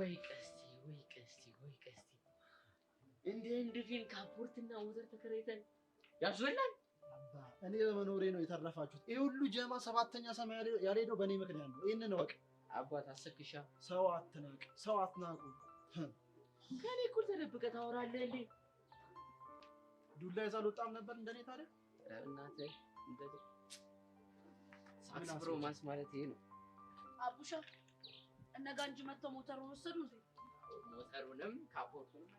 ወይ ቀስቲ ወይ ቀስቲ ወይ ቀስቲ እንደ እንድን ካፖርትና ወተር ተከራይተን ያስበላል። እኔ በመኖሬ ነው የተረፋችሁት። ይህ ሁሉ ጀማ ሰባተኛ ሰማይ ያልሄደው በእኔ ምክንያት ነው። ይህንን እወቅ አባት። አሰክሻ ሰው አትናቅ፣ ሰው አትናቁ። ከኔ እኩል ተደብቀ ታወራለህ እንዴ? ዱላ ይዛ አልወጣም ነበር እንደኔ። ታዲያ እናትህ ሳክስ ብሮ ማስ ማለት ይሄ ነው አቡሻ እነ ጋንጂ መጥተው ሞተሩን ወሰዱ እንዴ? ሞተሩንም ካፖርቱንም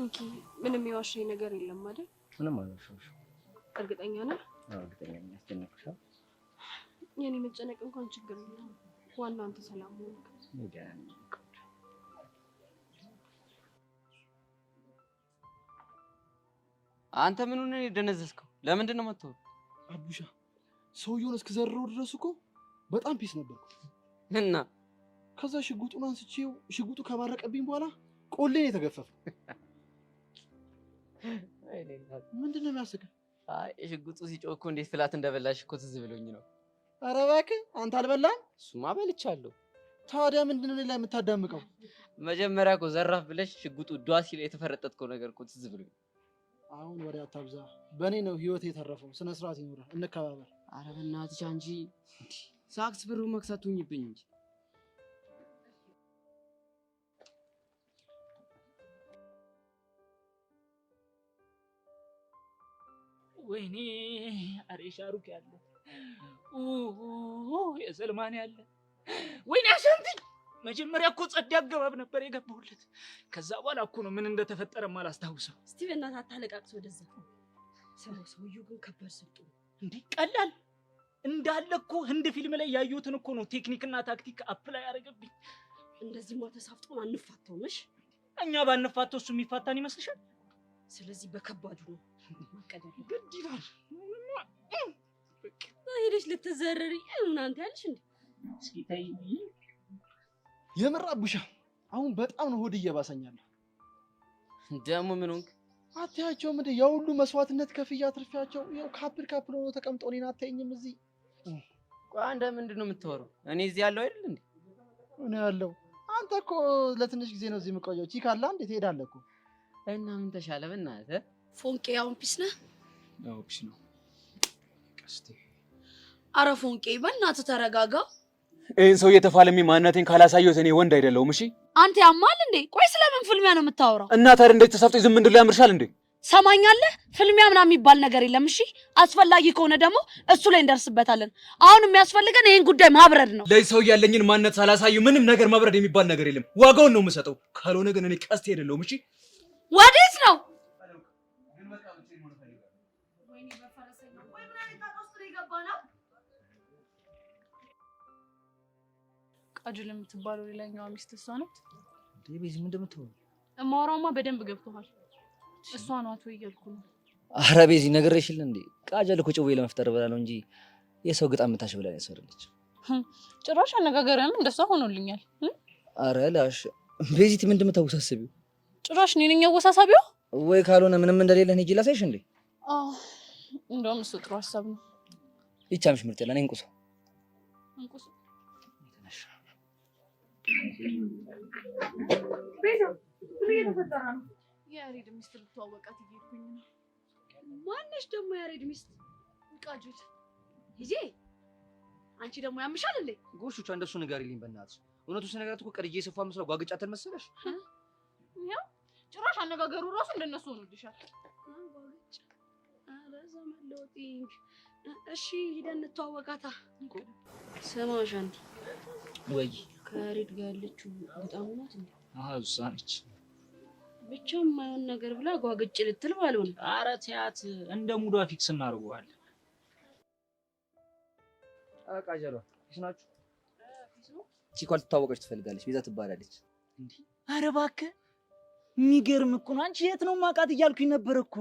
እንኪ ምንም የዋሸኝ ነገር የለም አይደል? ምንም አልዋሸሁሽም። እርግጠኛ ነህ? አዎ እርግጠኛ ነኝ። ያስጨነቅሽ? የኔ መጨነቅ እንኳን ችግር የለም። ዋናው አንተ ሰላም ሆንክ። አንተ ምን ሆነህ የደነዘዝከው? ለምንድን ነው መጥተው? አቡሻ ሰውየውን እስከዘረው ድረስ እኮ በጣም ፒስ ነበርኩ እና ከዛ ሽጉጡን አንስቼው ሽጉጡ ከማረቀብኝ በኋላ ቆሌን የተገፈፈ ምንድን ነው የሚያስቀ? አይ ሽጉጡ ሲጮህ እኮ እንዴት ፍላት እንደበላሽ እኮ ትዝ ብሎኝ ነው። ኧረ እባክህ አንተ አልበላህም? እሱማ በልቻለሁ። ታዲያ ምንድን ነው የምታዳምቀው? መጀመሪያ እኮ ዘራፍ ብለሽ ሽጉጡ ዷ ሲል የተፈረጠጥከው ነገር እኮ ትዝ ብሎኝ አሁን ወሬ አታብዛ። በእኔ ነው ህይወት የተረፈው። ስነ ስርዓት ይኖራል። እንከባበር። አረ በእናትሽ አንቺ ሳክስ ብሩ መክሰቱኝብኝ እንጂ ወይኔ አሬ ሻሩክ ያለ የሰልማን ያለ ወይኔ አሸንትኝ መጀመሪያ እኮ ጸድ አገባብ ነበር የገባሁለት። ከዛ በኋላ እኮ ነው ምን እንደተፈጠረ አላስታውሰው። እስቲ በእናትህ አታለቃቅስ። ወደዛ ሰው ሰውዬው ግን ከባድ ስልጡ እንዴ! ቀላል እንዳለ እኮ ህንድ ፊልም ላይ ያየሁትን እኮ ነው ቴክኒክና ታክቲክ አፕላይ ያደረገብኝ። እንደዚህ ማ ተሳፍጦን አንፋታውምሽ። እኛ ባንፋታው እሱ የሚፋታን ይመስልሻል? ስለዚህ በከባዱ ነው ማቀደል ግድ ይላል። ሄደሽ ልትዘረሪ እናንተ ያለሽ እንዴ? እስኪ ተይ የምር አቡሻ አሁን በጣም ነው ሆድ እየባሰኛለሁ። ደግሞ ምን ሆንክ? አታያቸውም እንዴ? ያው ሁሉ መስዋዕትነት ከፍያ አትርፊያቸው ያው ካፕል ካፕል ሆኖ ተቀምጦ እኔን አታየኝም እዚህ። ቆይ አንተ ምንድን ነው የምታወራው? እኔ እዚህ ያለው አይደል እንዴ? እኔ ያለው አንተ እኮ ለትንሽ ጊዜ ነው እዚህ የምቆየው። ቺ ካላ እንዴ ትሄዳለህ እኮ እና ምን ተሻለ? በእናትህ ፎንቄ፣ አሁን ፒስ ነህ? አዎ ፒስ ነው። ቀስቴ፣ አረ ፎንቄ በእናትህ ተረጋጋ። ይህን ሰው እየተፋለሚ ማንነቴን ካላሳየሁት እኔ ወንድ አይደለሁም። እሺ አንተ ያማል እንዴ? ቆይ ስለምን ፍልሚያ ነው የምታወራው? እና ታዲያ እንዴት ተሰፍጦ ዝም እንድላ ያምርሻል እንዴ? ሰማኛለህ? ፍልሚያ ምናምን የሚባል ነገር የለም። እሺ አስፈላጊ ከሆነ ደግሞ እሱ ላይ እንደርስበታለን። አሁን የሚያስፈልገን ይህን ጉዳይ ማብረድ ነው። ለዚህ ሰው ያለኝን ማንነት ሳላሳየው ምንም ነገር ማብረድ የሚባል ነገር የለም። ዋጋውን ነው የምሰጠው። ካልሆነ ግን እኔ ቀስቴ አይደለሁም። እሺ ወዴት ነው ቃጅል የምትባለው ሌላኛዋ ሚስት እሷ ናት። ቤዚ ምን እንደምትሆን እማወራውማ በደንብ ገብቶሃል። እሷ ናት ወይ እያልኩ ነው። አረ ቤዚ ነግሬሽል እንዴ? ቃጀል እኮ ጭዌ ለመፍጠር ብላ ነው እንጂ የሰው ግጣም ምታሽ ብላ ነው ያሰረለች። ጭራሽ አነጋገሪያም እንደሷ ሆኖልኛል። አረ ላሽ ቤዚት ምን እንደምታወሳስቢው? ጭራሽ እኔ ነኝ አወሳሳቢው? ወይ ካልሆነ ምንም እንደሌለ ሂጂ ላሳይሽ እንዴ? አዎ እንደውም እሱ ጥሩ ሀሳብ ነው። ይቻምሽ ምርጥ ያለ እኔ እንቁሶ እንቁሶ ያሬድ ሚስት ልትዋወቃት እየሄድኩኝ ነው። ማነሽ ደግሞ የያሬድ ሚስት? ንቃጁት ይዤ አንቺ ደግሞ ያምሻል እንዴ? ጎሾቿ እንደሱ ንገሪልኝ በእናትሽ። እውነቱ ስነግራት እኮ ቀድጄ የሰፋ መስላ ጓግጫትን መሰለሽ። ያው ጭራሽ አነጋገሩ ራሱ እንደነሱ ሆኖልሻል። እሺ ሂደን እንተዋወቃታ። ስማ ሻንቲ ወይ ከሬድ ጋር ያለችው በጣም ናት እንዴ? ብቻ የማይሆን ነገር ብላ ጓግጭ ልትል ባልሆነ። አረ ተያት፣ እንደ ሙዷ ፊክስ እናድርገዋለን። አቃ ጀሏ ፊስ ናችሁ። ትፈልጋለች። ቤዛ ትባላለች። አረ እባክህ የሚገርም እኮ ነው። አንቺ የት ነው ማቃት እያልኩኝ ነበር እኮ።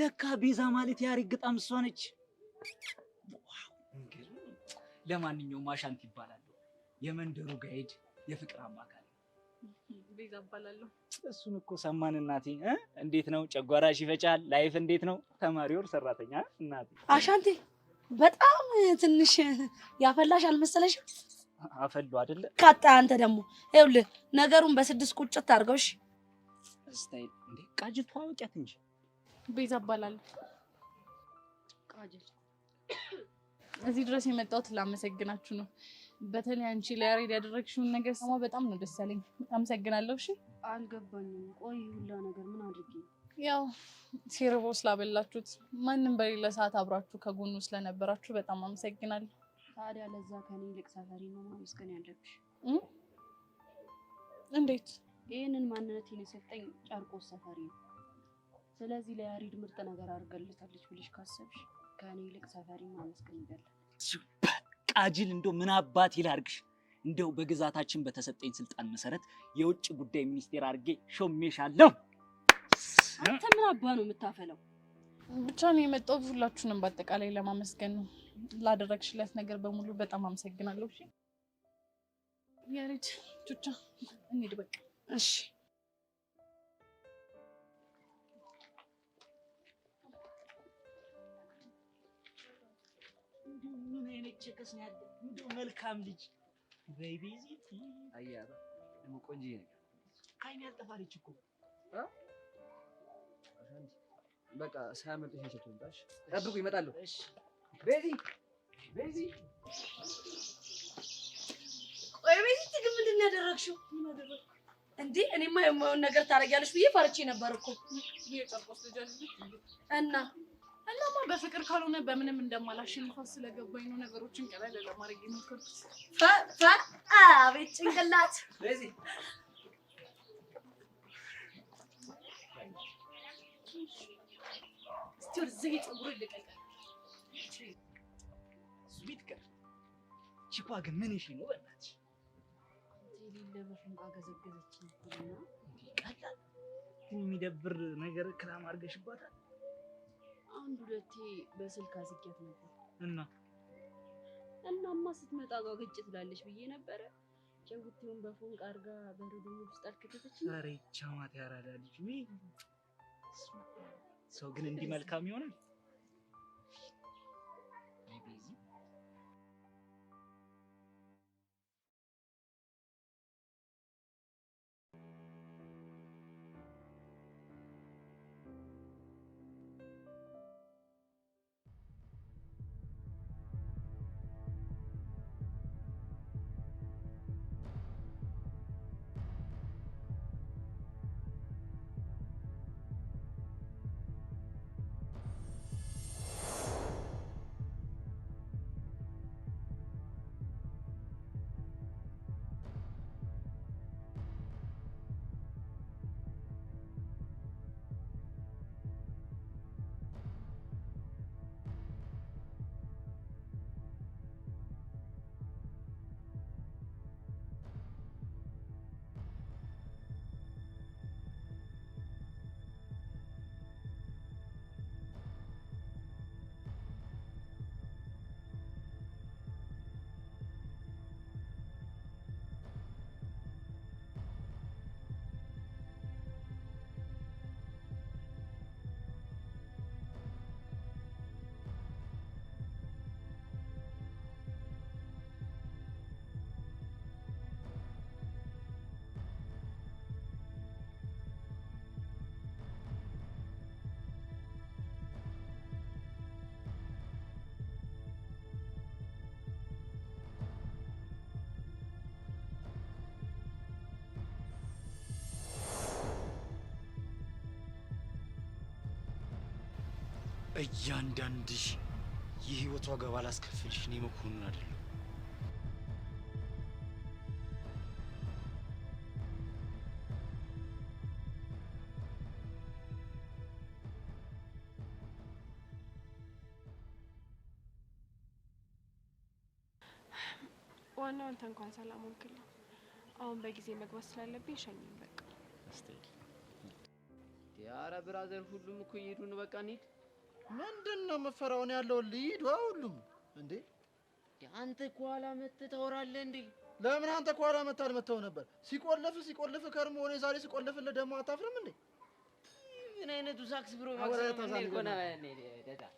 ለካ ቤዛ ማለት ያሬድ ግጣም እሷ ነች። ለማንኛውም አሻንት ይባላል። የመንደሩ ጋይድ የፍቅር አማካሪ ቤዛ እባላለሁ። እሱን እኮ ሰማን እናቴ። እንዴት ነው ጨጓራሽ ይፈጫል? ላይፍ እንዴት ነው? ተማሪ ወር ሰራተኛ እናቴ። አሻንቴ በጣም ትንሽ ያፈላሽ አልመሰለሽም? አፈሉ አይደለ? ካጣ አንተ ደግሞ ይኸውልህ ነገሩን በስድስት ቁጭት አድርገውሽ ስታይል እንዴ ቃጅቱ አውቂያት እንጂ ቤዛ እባላለሁ። ቃጅቱ እዚህ ድረስ የመጣሁት ላመሰግናችሁ ነው። በተለይ አንቺ ለያሬድ ያደረግሽውን ነገር ሰማ በጣም ነው ደስ ያለኝ። አመሰግናለሁ። እሺ አልገባኝም። ቆይ ሁላ ነገር ምን አድርጊ? ያው ሲርቦ ስላበላችሁት ማንም በሌለ ሰዓት አብራችሁ ከጎኑ ስለነበራችሁ በጣም አመሰግናለሁ። ታዲያ ለዛ ከኔ ይልቅ ሰፈሪ ነው ማመስገን ያለብሽ። እንዴት? ይህንን ማንነቴን የሰጠኝ ጨርቆስ ሰፈሪ ነው። ስለዚህ ለያሬድ ምርጥ ነገር አድርገልታለች ብለሽ ካሰብሽ ከኔ ይልቅ ሰፈሪ ማመስገን ይገላል። ቃጅል እንደው ምን አባት ይላርግሽ። እንደው በግዛታችን በተሰጠኝ ስልጣን መሰረት የውጭ ጉዳይ ሚኒስቴር አድርጌ ሾሜሻለሁ። አንተ ምን አባ ነው የምታፈለው? ብቻ ነው የመጣሁት ሁላችሁንም በአጠቃላይ ለማመስገን ነው። ላደረግሽለት ነገር በሙሉ በጣም አመሰግናለሁ። እሺ ያሬድ ቹቻ እንሂድ በቃ እሺ መጨቀስ ነው ያለ። እንደው መልካም ልጅ በይ ቤዚት አያባ ደግሞ ቆንጆ ነገር ከዓይኔ ያልጠፋለች እኮ በቃ ሳያመልጥሽ ሸቶ ይምጣሽ። ጠብቁ፣ ይመጣለሁ። ቤዚ ቤዚ፣ ቆይ ቤዚት ግን ምንድን ያደረግሽው? ምን አደረግኩ እንዴ? እኔማ የማየውን ነገር ታደርጊያለሽ ብዬ ፈርቼ ነበር እኮ እና እናማ በፍቅር ካልሆነ በምንም እንደማላሸንፍ ስለገባኝ ነው ነገሮችን ቀለል ለማድረግ የሞከርኩት። አቤት ጭንቅላት! የሚደብር ነገር ክራም አድርገሽባታል። አንድ ሁለቴ በስልክ አዝጊያት ነበር እና እናማ ስትመጣ ጋር ግጭ ትላለች ብዬ ነበረ። ጨንጉቴውን በፎንቅ አድርጋ በረዶ ውስጥ አልከተተች። ኧረ ይቻማት ያራዳ ልጅ ሰው ግን እንዲህ መልካም ይሆናል። እያንዳንድሽ የህይወት ዋጋ ባላስከፍልሽ እኔ መኮንን አይደለም። ዋናው አንተ እንኳን ሰላም ሆንክልኝ። አሁን በጊዜ መግባት ስላለብኝ ሸኝም። በቃ ኧረ ብራዘር፣ ሁሉም እኮ እየሄዱ በቃ እንሂድ ምንድን ነው መፈራውን ያለው ሊዱ ሁሉም እንዴ አንተ ከኋላ መት ታወራለህ እንዴ? ለምን አንተ ከኋላ መተህ አልመተኸው ነበር? ሲቆልፍ ሲቆልፍ ከርሞ ወኔ ዛሬ ሲቆልፍልህ ደግሞ አታፍርም እንዴ? ምን አይነቱ ሳክስ ብሮ ማክስ ነው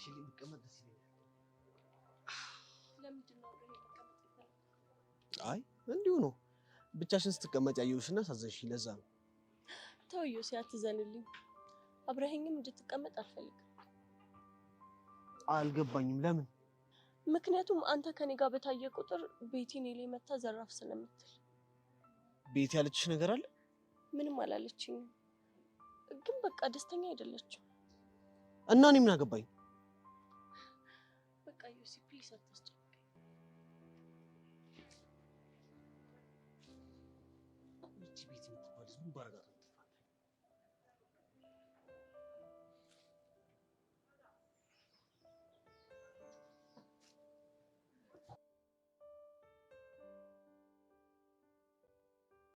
አብረሽ ሊቀመጥ ደስ ይለኛል። አይ እንዲሁ ነው ብቻሽን ስትቀመጥ ያየሁሽና ሳዘንሽ ለዛ ነው። ተውዬው ሲያትዘንልኝ አብረኸኝም እንድትቀመጥ አልፈልግም። አልገባኝም ለምን? ምክንያቱም አንተ ከኔ ጋር በታየ ቁጥር ቤቲ እኔ ላይ መታ ዘራፍ ስለምትል። ቤቲ ያለችሽ ነገር አለ? ምንም አላለችኝም፣ ግን በቃ ደስተኛ አይደለችም እና እኔ ምን አገባኝ? ሲ ፕሊስ አታስጨንቀኝ። ይቺ ቤት የምትባል ዝም ባረጋት